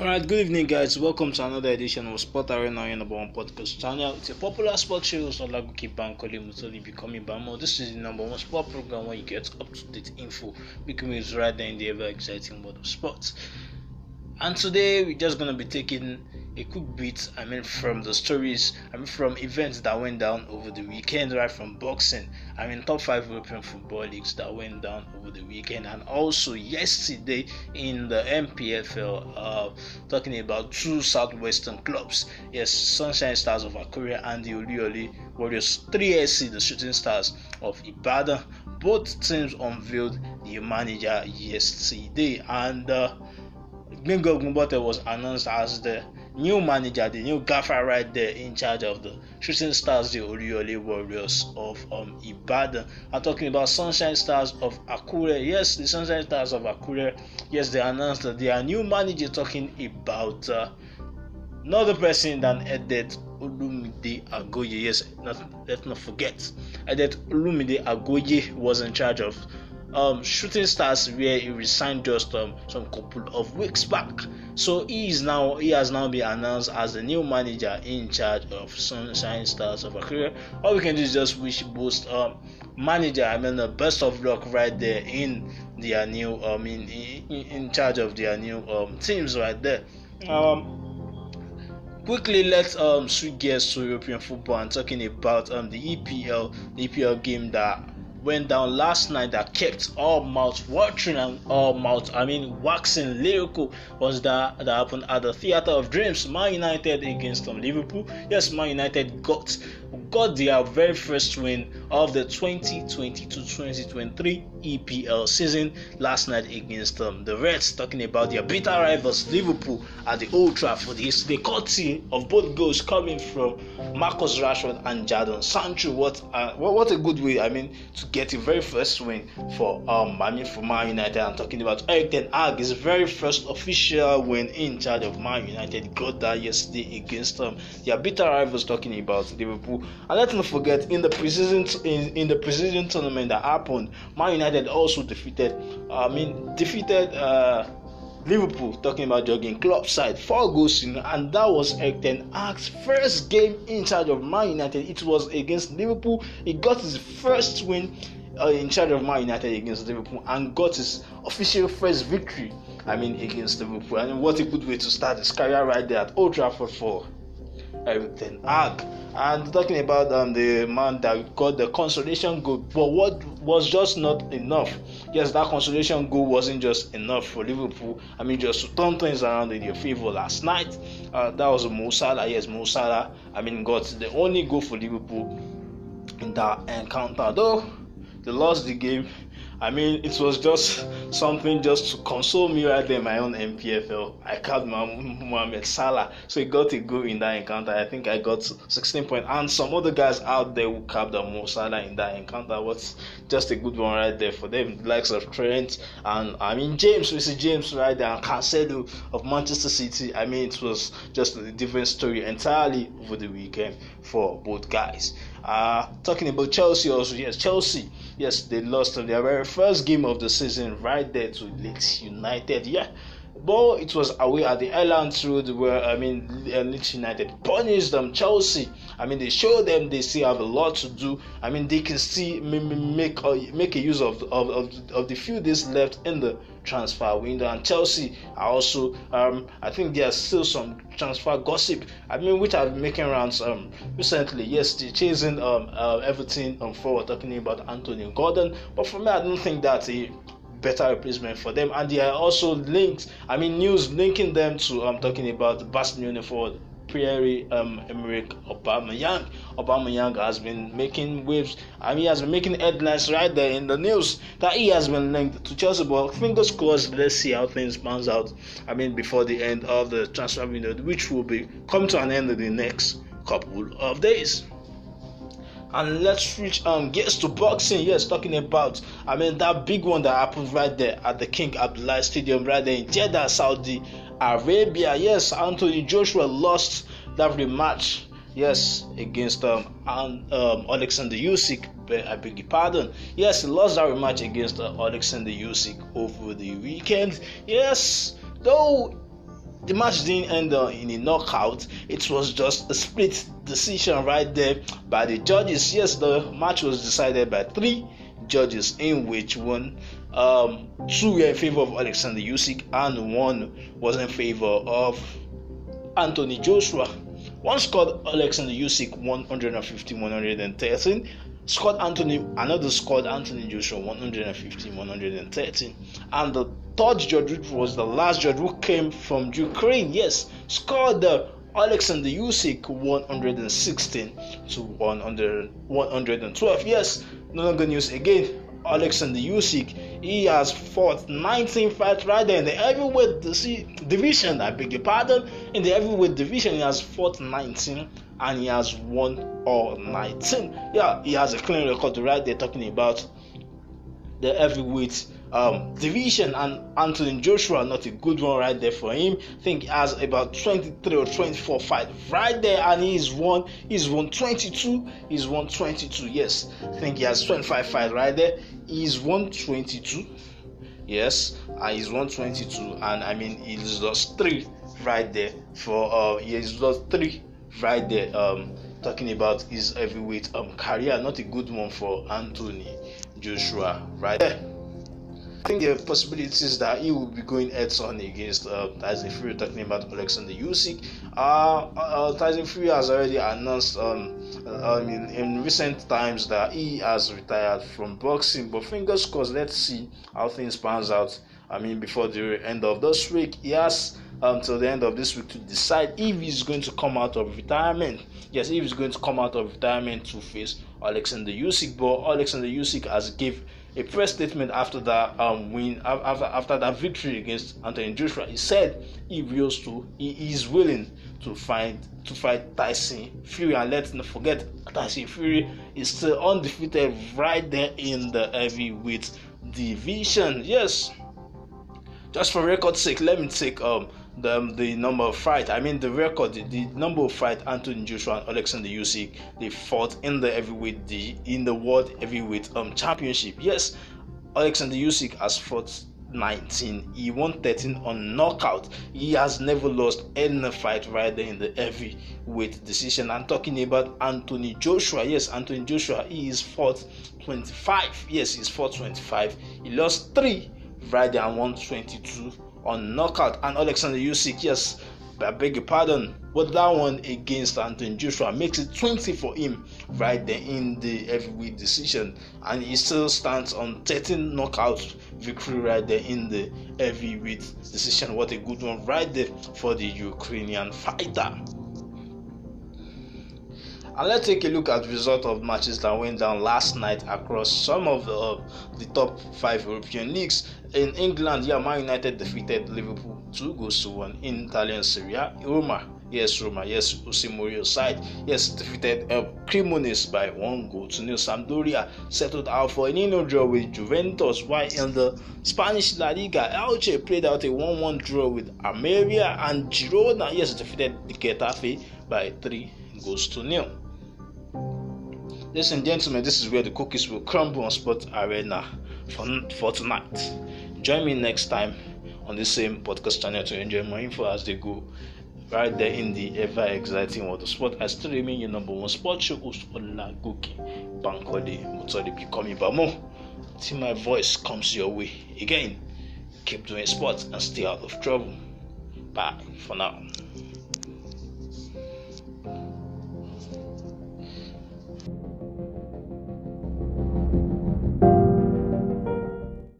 Alright, good evening, guys. Welcome to another edition of Sport Arena, your number one podcast channel. It's a popular sports show, so like keep on calling Mutoli becoming Bamo. This is the number one sport program where you get up to date info, becoming right there in the ever exciting world of sports. And today, we're just going to be taking a quick bit. i mean from the stories i mean from events that went down over the weekend right from boxing i mean top five european football leagues that went down over the weekend and also yesterday in the mpfl uh, talking about two southwestern clubs yes sunshine stars of Akure and the olioli warriors 3sc the shooting stars of ibadan both teams unveiled the manager yesterday and uh, Gbengo Gumbote was announced as the new manager, the new gaffer right there in charge of the Shooting Stars, the Oriole Warriors of um, Ibadan. I'm talking about Sunshine Stars of Akure. Yes, the Sunshine Stars of Akure. Yes, they announced that their new manager talking about uh, another person than Edet Olumide Agoye. Yes, not, let's not forget Edet Olumide Agoye was in charge of um, shooting stars where he resigned just um, some couple of weeks back. So he is now he has now been announced as the new manager in charge of Sunshine Stars of Korea. All we can do is just wish both um, manager I mean the best of luck right there in their new um in in, in charge of their new um teams right there. Um, quickly let's um switch gears to European football and talking about um the EPL the EPL game that went down last night that kept all mouths watering and all mouths, I mean, waxing lyrical was that that happened at the Theatre of Dreams. Man United against um, Liverpool. Yes, Man United got got their very first win of the 2022-2023 EPL season last night against um, the Reds, talking about their bitter rivals Liverpool at the Old Trafford. It's the cutting of both goals coming from Marcus Rashford and Jadon Sancho. What uh, a, what a good way! I mean, to get the very first win for um, I mean for Man United. I'm talking about Eric Ten Hag, his very first official win in charge of Man United. Got that yesterday against um, their bitter rivals, talking about Liverpool and let's not forget, in the precision in, in the precision tournament that happened, Man United also defeated. I mean, defeated. Uh, Liverpool talking about jogging club side four goals in and that was Ten Hag's first game in charge of Man United it was against Liverpool he got his first win uh, in charge of Man United against Liverpool and got his official first victory I mean against Liverpool I and mean, what a good way to start his career right there at Old Trafford for um, Ten Hag. And talking about um, the man that got the consolation goal, but what was just not enough. Yes, that consolation goal wasn't just enough for Liverpool. I mean, just to turn things around in their favour last night. Uh, that was Mo Salah. Yes, Mo Salah. I mean, got the only goal for Liverpool in that encounter. Though they lost the game I mean, it was just something just to console me right there. my own MPFL. I called Mohamed Salah, so he got a goal in that encounter. I think I got 16 points, and some other guys out there who capped the Mo Salah in that encounter was just a good one right there for them. The likes of Trent and I mean James, we see James right there, and Cancelo of Manchester City. I mean, it was just a different story entirely over the weekend for both guys. Uh, talking about Chelsea also, yes, Chelsea, yes, they lost their very first game of the season right there to Leeds United. Yeah, but it was away at the Islands Road, where I mean, uh, Leeds United punished them. Chelsea, I mean, they showed them they still have a lot to do. I mean, they can still make make a use of of, of, of the few days left in the transfer window. And Chelsea are also, um, I think there's still some transfer gossip. I mean, which I've been making rounds um, recently. Yes, they're chasing um, uh, everything um, forward, talking about Anthony Gordon. But for me, I don't think that. he better replacement for them. And there are also links, I mean, news linking them to, I'm um, talking about Boston for Prairie um, Emmerich Obama Young has been making waves. I mean, he has been making headlines right there in the news that he has been linked to Chelsea. But fingers crossed, let's see how things pans out. I mean, before the end of the transfer window, which will be come to an end in the next couple of days and let's reach um gets to boxing. Yes, talking about I mean that big one that happened right there at the King Abdullah Stadium right there in Jeddah, Saudi Arabia. Yes, Anthony Joshua lost that rematch. Yes, against um, and, um Alexander Usyk. I beg your pardon. Yes, he lost that rematch against uh, Alexander Usyk over the weekend. Yes, though the match didn't end in a knockout. It was just a split decision right there by the judges. Yes, the match was decided by three judges, in which one, um, two were in favor of Alexander Usyk and one was in favor of Anthony Joshua. One scored Alexander Usyk 150 113 Scott Anthony, another Scott Anthony Joshua 115, 113. And the third George was the last George who came from Ukraine. Yes, scored the Alexander Usyk 116 to 100, 112. Yes, no longer news again. Alexander Usyk, he has fought 19 fights right there in the heavyweight division. I beg your pardon. In the heavyweight division, he has fought 19 and he has won all 19. Yeah, he has a clean record right They're talking about the heavyweight um, division and Anthony Joshua not a good one right there for him. I think he has about 23 or 24 fights right there, and he's won. He's won 22. He's won 22. Yes, I think he has 25 fights right there. He's won 22. Yes, and he's won 22, and I mean he's lost three right there for uh he's lost three right there um, talking about his heavyweight um, career. Not a good one for Anthony Joshua right there. I think there are possibilities that he will be going heads on against uh, Tyson Fury, talking about Alexander Usyk. Uh, uh, Tyson Fury has already announced um, uh, I mean, in, recent times that he has retired from boxing, but fingers crossed, let's see how things pans out I mean, before the end of this week, he has until um, the end of this week to decide if he's going to come out of retirement. Yes, if he's going to come out of retirement to face Alexander Usyk, but Alexander Usyk has give a press statement after that um, win, after after that victory against Anthony Joshua. He said he wills to, he is willing to fight to fight Tyson Fury, and let's not forget Tyson Fury is still undefeated right there in the heavyweight division. Yes just for record's sake, let me take um the, the number of fight. I mean the record, the, the number of fight Anthony Joshua and Alexander Usyk they fought in the heavyweight the in the world heavyweight um championship. Yes, Alexander Usyk has fought 19. He won 13 on knockout. He has never lost any fight right there in the heavyweight decision. I'm talking about Anthony Joshua. Yes, Anthony Joshua. He is fought 25. Yes, he's fought 25. He lost three right there 122 on knockout. And Alexander Usyk, yes, I beg your pardon, but that one against Anthony Joshua makes it 20 for him right there in the heavyweight decision, and he still stands on 13 knockout victory right there in the heavyweight decision. What a good one right there for the Ukrainian fighter. And let's take a look at the result of matches that went down last night across some of the, uh, the top five European leagues. In England, yeah, Man United defeated Liverpool two goals to one in Italian Serie A. Roma, yes, Roma, yes, Osimori side, yes, defeated uh, Cremonese by one goal to nil. Sampdoria settled out for an in draw with Juventus, while in the Spanish La Liga, Elche played out a 1-1 draw with Almeria and Girona, yes, defeated Getafe by three goals to nil. Ladies and gentlemen, this is where the cookies will crumble on Sport Arena for, for tonight. Join me next time on the same podcast channel to enjoy more info as they go right there in the ever exciting world of sport. I still remain your number one sport show host Olagoke Bankole Mutoli Bikomi Bamo. Till my voice comes your way again, keep doing sports and stay out of trouble. Bye for now.